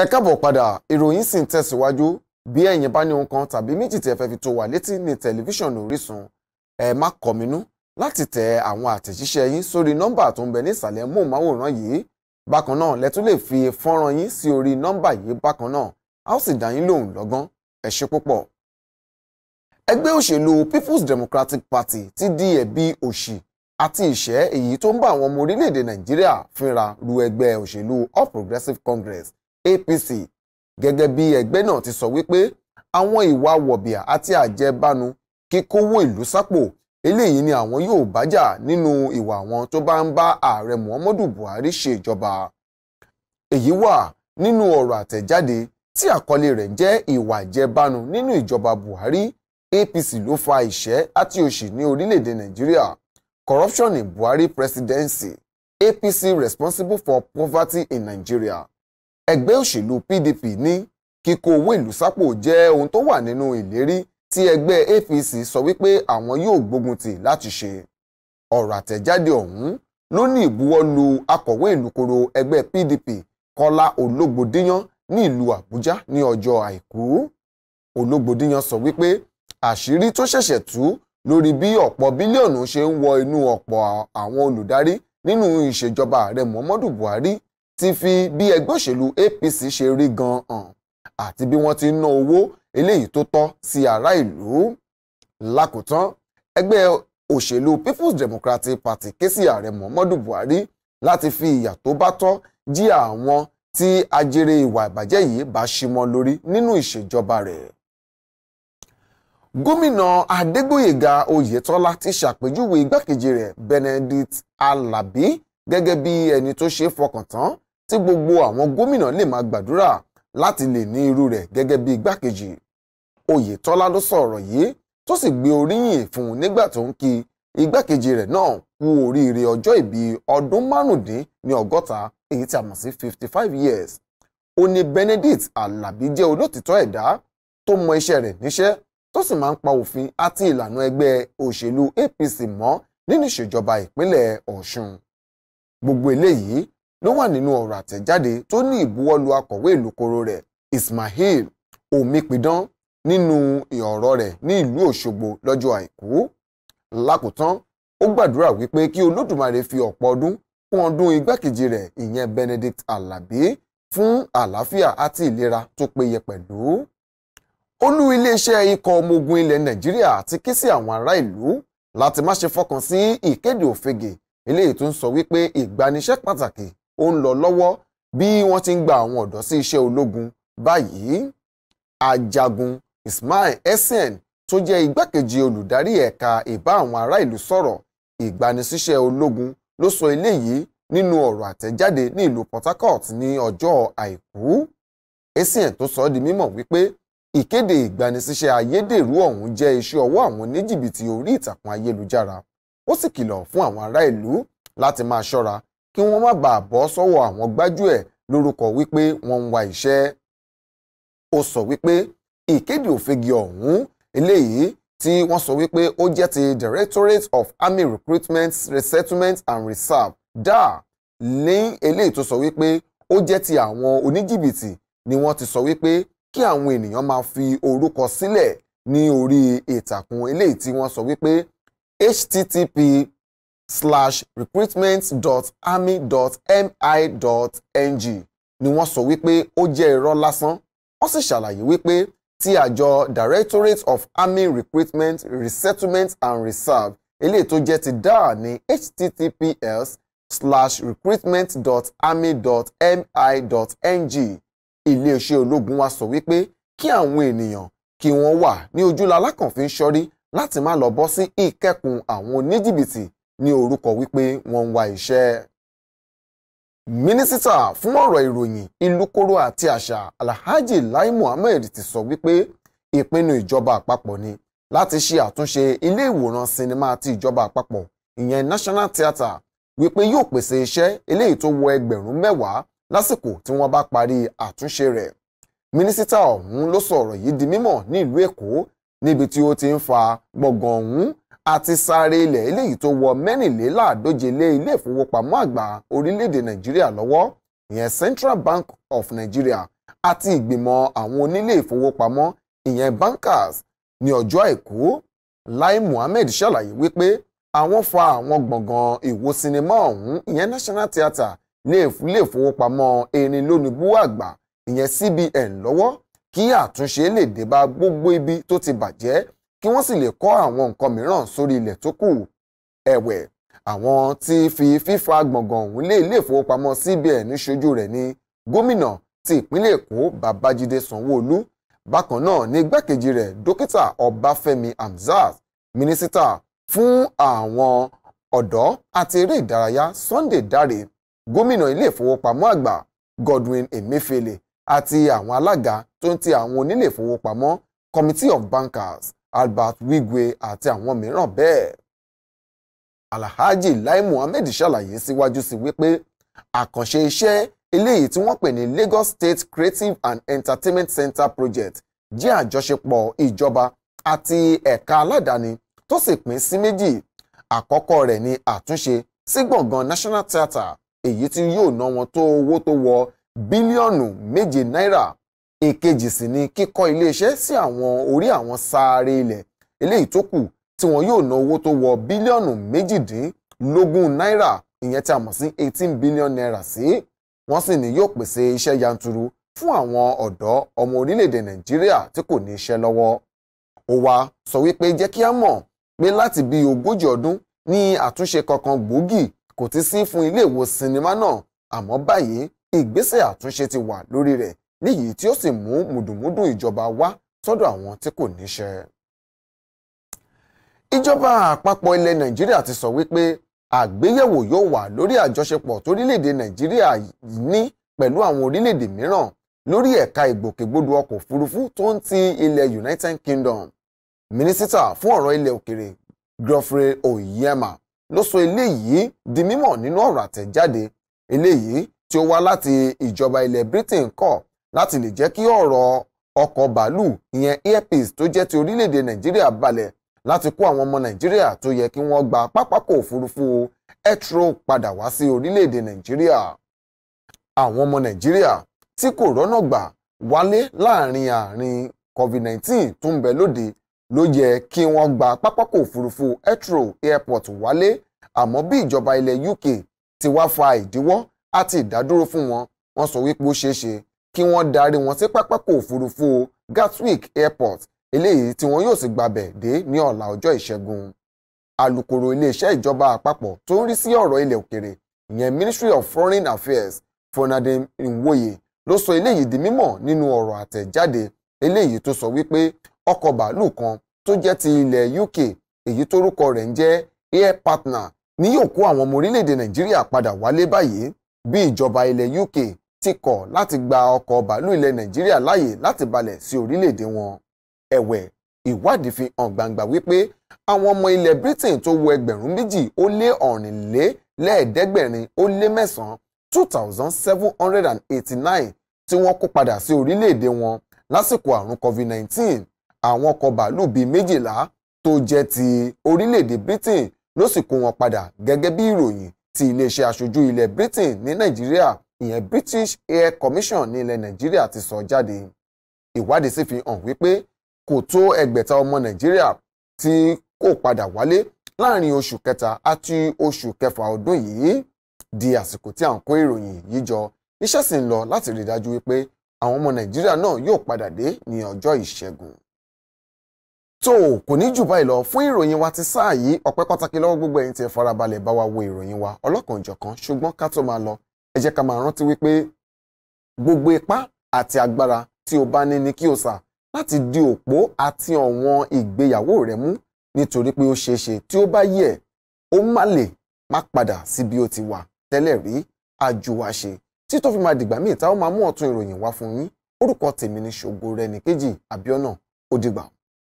ẹ káàbọ̀ padà ìròyìn sì ń tẹ̀síwájú bí ẹ̀yin bá ní ohun kan tàbí méjì tí ẹ fẹ́ fi tó wà létí ní tẹlifíṣàn Orísun ẹ má kọ̀mínú láti tẹ àwọn àtẹ̀jíṣẹ́ yín sórí nọ́mbà tó ń bẹ ní ìsàlẹ̀ móhùnmáwòrán yìí bákan náà lẹ tún lè fi fọ́nrán yín sí orí nọ́mbà yìí bákan náà a ó sì dá yín lóhùn lọ́gán ẹ ṣe púpọ̀. ẹgbẹ́ òṣèlú People's Democratic Party ti di ẹ̀bi òṣì àti ìṣẹ́ èyí tó ń bá àwọn ọmọ orílẹ̀-èdè Nàìjíríà fínra ru ẹgbẹ́ òṣèlú All Progressives Congress APC gẹ́gẹ́ bí ẹgbẹ́ náà ti sọ wípé àwọn ìwà wọ̀bìà àti àjẹbánu kíkówó ìlú sápò eléyìí ni àwọn yóò bájà nínú ìwà àwọn tó bá ń bá ààrẹ Muhammadu Buhari ṣèjọba èyí wà nínú ọ̀rọ̀ àtẹ̀jáde tí àkọlé rẹ̀ jẹ́ ìwà àjẹbánu nínú ìjọba Buhari APC ló fa ìṣẹ́ àti òṣì ní orílẹ̀-èdè Nàìjíríà corruption in Buhari presidency APC responsible for poverty in Nigeria ẹgbẹ́ òṣèlú PDP ní kíkó owó ìlú sápò jẹ́ ohun tó wà nínú ìlérí tí ẹgbẹ́ APC sọ wípé àwọn yóò gbógun tì láti ṣe ọ̀rọ̀ àtẹ̀jáde ọ̀hún ló ní ìbuwọ́lù akọ̀wé ìlúkoro ẹgbẹ́ PDP Kọ́lá Ológbòdíyàn ní ìlú Àbújá ní ọjọ́ àìkú Ológbòdíyàn sọ wípé àṣírí tó ṣẹ̀ṣẹ̀ tú lórí bí ọ̀pọ̀ bílíọ̀nù ṣe ń wọ inú ọ̀pọ̀ àwọn olùdarí nínú ìṣèjọba ààrẹ Muhammadu Buhari ti fi bí ẹgbẹ́ òṣèlú APC ṣe rí gan hàn àti bí wọ́n ti ń ná owó eléyìí tó tọ́ sí ará ìlú lákòótán ẹgbẹ́ òṣèlú People's Democratic Party ké sí ààrẹ Muhammadu Buhari láti fi ìyà tó bá tọ́ jí àwọn tí ajere ìwà ìbàjẹ́ yìí bá ṣimọ́ lórí nínú ìṣèjọba rẹ̀. Gómìnà Adégbóyèga Oyètọ́lá ti ṣàpèjúwe igbákejì rẹ̀ Benedict Alabi gẹ́gẹ́ bí ẹni tó ṣe fọkàn tán tí gbogbo àwọn gómìnà lè máa gbàdúrà láti lè ní irú rẹ̀ gẹ́gẹ́ bí igbákejì Oyètọ́lá ló sọ̀rọ̀ yìí tó sì gbé oríyìn fún un nígbà tó ń kí igbákejì rẹ̀ náà kú oríire ọjọ́ ìbí ọdún márùndín ọgọ́ta èyí tí a mọ̀ sí fifty five years ó ní Benedict Alabi jẹ́ olótìtọ́ ẹ̀dá tó mọ iṣẹ́ rẹ̀ níṣẹ́ tó sì máa ń pa òfin àti ìlànà ẹgbẹ́ òṣèlú APC mọ́ nínú ìṣèjọba ìpínlẹ̀ Ọ̀ṣun gbogbo eléyìí ló wà nínú ọ̀rọ̀ àtẹ̀jáde tó ní ìbuwọ́lù akọ̀wé ìlúkoro rẹ̀ Ismail Omipidan nínú ọ̀rọ̀ rẹ̀ ní ìlú Òṣogbo lọ́jọ́ àìkú lákòótán ó gbàdúrà wípé kí Olódùmarè fi ọ̀pọ̀ ọdún kún ọdún igbákejì rẹ̀ ìyẹn Benedict Alabi fún àlàáfíà àti ìlera tó péye pẹ̀lú olú iléeṣẹ́ ikọ̀ ọmọ ogun ilẹ̀ Nàìjíríà ti ké sí àwọn ará ìlú láti má ṣe fọkàn sí ìkéde òfegè eléyìí tó ń sọ wípé ìgbaniṣẹ́ pàtàkì ó ń lọ lọ́wọ́ bí wọ́n ti ń gba àwọn ọ̀dọ́ sí iṣẹ́ ológun báyìí ajagun Ismail Essien tó jẹ́ igbákejì olùdarí ẹ̀ka ìbá àwọn ará ìlú sọ̀rọ̀ ìgbanisíṣẹ́ ológun ló sọ eléyìí nínú ọ̀rọ̀ àtẹ̀jáde ní ìlú Port Harcourt ní ọjọ́ àìkú Essien tó sọ ọ́ di mímọ̀ wípé ìkéde ìgbanisíṣẹ́ ayédèrú ọ̀hún jẹ́ iṣẹ́ ọwọ́ àwọn oníjìbìtì orí ìtàkùn ayélujára ó sì kìlọ̀ fún àwọn ará ìlú láti máa ṣọ́ra kí wọ́n má bàa bọ́ sọ́wọ́ àwọn gbájúẹ̀ lórúkọ wípé wọ́n ń wa iṣẹ́. ó sọ wípé ìkéde òfegè ọ̀hún eléyìí tí wọ́n sọ wípé ó jẹ́ ti Directorate of Army Recruitment Resettlement and Reserve DAR ní eléyìí tó sọ wípé ó jẹ́ ti àwọn oníjìbìtì ni wọ́n ti sọ wípé kí àwọn ènìyàn máa fi orúkọ sílẹ̀ ní orí ìtàkùn eléyìí tí wọ́n sọ wípé http slash recruitment dot army dot mi dot ng ni wọ́n sọ wípé ó jẹ́ irọ́ lásán wọ́n sì ṣàlàyé wípé tí àjọ directorate of army recruitment resettlement and reserve eléyìí tó jẹ́ ti dáa ní https slash recruitment dot army dot mi dot ng iléeṣẹ́ ológun wa sọ wípé kí àwọn ènìyàn kí wọ́n wà ní ojúlá alákànfin ṣọ́rí láti má lọ bọ́ sí ìkẹ́kùn àwọn oníjìbìtì ní orúkọ wípé wọ́n ń wá iṣẹ́. mínísítà fún ọ̀rọ̀ ìròyìn ìlúkóró àti àṣà alhaji lai muhammed ti sọ wípé ìpinnu ìjọba àpapọ̀ ni láti ṣe àtúnṣe ilé ìwòran sinimá ti ìjọba àpapọ̀ ìyẹn national theatre wípé yóò pèsè iṣẹ́ eléyìí tó wọ ẹgbẹ̀rún mẹ́wàá lásìkò tí wọ́n bá parí àtúnṣe rẹ̀. mínísítà ọ̀hún ló sọ ọ̀rọ̀ yìí di mímọ̀ ní ìlú èkó níbi tí ó ti ń fa gbọ̀ngàn ọ̀hún àti sáré ilẹ̀ eléyìí tó wọ mẹ́rìnléláàdóje lé ilé ìfowópamọ́ àgbà orílẹ̀-èdè nàìjíríà lọ́wọ́ ìyẹn Central Bank of Nigeria àti ìgbìmọ̀ àwọn onílé ìfowópamọ́ ìyẹn bankers ní ọjọ́ àìkú Lai Muhammed ṣàlàyé wípé àwọn fa àwọn gbọ̀ngàn ìwo sinimá ọ̀hún ìyẹn National Theatre lé ìfowópamọ́ erin lónìbú àgbà ìyẹn CBN lọ́wọ́ kí àtúnṣe lè dé bá gbogbo ibi tó ti bàjẹ́ kí wọ́n sì lè kọ́ àwọn nǹkan mìíràn sórí ilẹ̀ tó kù ẹ̀wẹ̀ àwọn tí fi fífa gbọ̀ngàn ọ̀hún lé ilé ìfowópamọ́ CBN ṣojú rẹ̀ ní gómìnà ti ìpínlẹ̀ Èkó Babájídé Sanwó-Olú bákan náà ní igbákejì rẹ̀ dókítà Ọbáfẹ́mi Hamzat mínísítà fún àwọn ọ̀dọ́ àti eré ìdárayá Sunday Dare gómìnà ilé ìfowópamọ́ àgbà Godwin emefele àti àwọn alága tó ń ti àwọn onílé ìfowópamọ́ Committee of Bankers Albert Wigwe àti àwọn mìíràn bẹ́ẹ̀. Alhaji Lai Muhammed ṣàlàyé síwájú sí wípé àkànṣe iṣẹ́ eléyìí tí wọ́n pè ní Lagos State Creative and Entertainment Center Project jẹ́ àjọṣepọ̀ ìjọba àti ẹ̀ka aládàáni tó sì pín sí méjì àkọ́kọ́ rẹ̀ ni àtúnṣe sí gbọ̀ngàn National Theatre èyí tí yóò ná wọn tó owó tó wọ bílíọ̀nù méje náírà èkejì sì ni kíkọ́ iléeṣẹ́ sí àwọn orí àwọn sáré ilẹ̀ eléyìí tó kù tí wọn yóò ná owó tó wọ bílíọ̀nù méjìdínlógún náírà ìyẹn tí a mọ̀ sí eighteen billion naira sí wọ́n sì ní yóò pèsè iṣẹ́ yanturu fún àwọn ọ̀dọ́ ọmọ orílẹ̀-èdè nàìjíríà tí kò ní iṣẹ́ lọ́wọ́ ó wá sọ wípé jẹ́ kí a mọ̀ pé láti bí ogójì ọdún ní àtúnṣe kankan gbòógì kò ti sí fún ilé ìwò sinimá náà àmọ́ báyìí ìgbésẹ̀ àtúnṣe ti wà lórí rẹ̀ níyìí tí ó sì mú mùdùmúdù ìjọba wá sọ́dọ̀ àwọn tí kò níṣẹ́. ìjọba àpapọ̀ ilẹ̀ nàìjíríà ti sọ wípé àgbéyẹ̀wò yóò wà lórí àjọṣepọ̀ tórílẹ̀-èdè nàìjíríà ní pẹ̀lú àwọn orílẹ̀-èdè mìíràn lórí ẹ̀ka ìgbòkègbodò ọkọ̀ òfurufú tó ń ti ilẹ̀ United Kingdom mínísítà fún ọ̀rọ̀ ilẹ̀ òkèrè Geoffrey Oyema ló sọ eléyìí di mímọ̀ nínú ọ̀rọ̀ àtẹ̀jáde eléyìí tí ó wá láti ìjọba ilẹ̀ Britain kọ́ láti lè jẹ́ kí ọ̀rọ̀ ọkọ̀ bàálù ìyẹn Air Peace tó jẹ́ ti orílẹ̀-èdè Nàìjíríà balẹ̀ láti kó àwọn ọmọ Nàìjíríà tó yẹ kí wọ́n gba pápákọ̀ òfurufú Heathrow padà wá sí orílẹ̀-èdè Nàìjíríà. Àwọn ọmọ Nàìjíríà tí kò rọ́nà gbà wálé láàrin àárín COVID-19 tó ń bẹ lóde ló yẹ kí wọ́n gba pápákọ̀ òfurufú Heathrow airport wálé àmọ́ bí ìjọba ilẹ̀ UK ti wá fa ìdíwọ́ àti ìdádúró fún wọn wọ́n sọ wípé ó ṣeé kí wọ́n darí wọn sí pápákọ̀ òfurufú Gatwick Airport eléyìí tí wọn yóò sì gbabẹ̀ dé ní ọ̀la ọjọ́ ìṣẹ́gun alukoro iléeṣẹ́ ìjọba àpapọ̀ tó ń rí sí ọ̀rọ̀ ilẹ̀ òkèrè ìyẹn Ministry of Foreign Affairs Fernandine Nwoye ló sọ eléyìí di mímọ̀ nínú ọ̀rọ̀ àtẹ̀jáde eléyìí tó sọ wípé ọkọ̀ bàálù kan tó jẹ́ ti ilẹ̀ UK èyí tórúkọ rẹ̀ ń jẹ́ Air Partner ní yóò kó àwọn ọmọ orílẹ̀-èdè Nàìjíríà padà wálé báyìí bí ìjọba ilẹ̀ UK ti kọ̀ láti gba ọkọ̀ bàálù ilẹ̀ nàìjíríà láàyè láti balẹ̀ sí orílẹ̀-èdè wọn. ẹ̀wẹ̀ ìwádìí fi hàn gbangba wípé àwọn ọmọ ilẹ̀ britain tó wọ ẹgbẹ̀rún méjì ó lé ọ̀rìnlélẹ́ẹ̀ẹ́dẹ́gbẹ̀rin ó lé mẹ́sàn-án two thousand seven hundred and eighty-nine tí wọ́n kó padà sí orílẹ̀-èdè wọn lásìkò àrùn covid-19 àwọn ọkọ̀ bàálù bíi méjìlá tó jẹ́ ti orílẹ̀-èdè britain ló sì kó wọn padà gẹ́gẹ́ bí ìròyìn ti iléeṣẹ́ aṣojú ilẹ̀ britain ní nàìjíríà ìyẹn British Air Commission ní ilẹ̀ Nàìjíríà ti sọ jáde ìwádìí sì fi hàn wípé kò tó ẹgbẹ̀ta ọmọ Nàìjíríà tí kò padà wálé láàrin oṣù kẹta àti oṣù kẹfà ọdún yìí di àsìkò tí à ń kó ìròyìn yìí jọ iṣẹ́ sì ń lọ láti rí dájú wípé àwọn ọmọ Nàìjíríà náà yóò padà dé ní ọjọ́ ìṣẹ́gun tó kò ní jù báyìí lọ fún ìròyìn wa ti sáà yìí ọpẹ́ pàtàkì lọ́wọ́ gbogbo ẹ̀yin tí ẹ farabalẹ̀ bá wa wo ìròyìn wa ọlọ́kan ṣùgbọ́n ká tó máa lọ ẹ jẹ́ ká máa rántí wípé gbogbo ipá àti agbára tí o bá ní ni kí o sà láti di òpó àti ọ̀wọ́n ìgbéyàwó rẹ mú nítorí pé ó ṣeé ṣe tí ó bá yẹ ó má lè má padà sí bí ó ti wà tẹ́lẹ̀ rí àjò wa ṣe tí tó fi máa dìgbà míì tá máa mú ọ̀tun ìròyìn wá fún yín orúkọ tèmi ni ṣògo rẹ nìkejì àbíọ́nà ó dìgbà.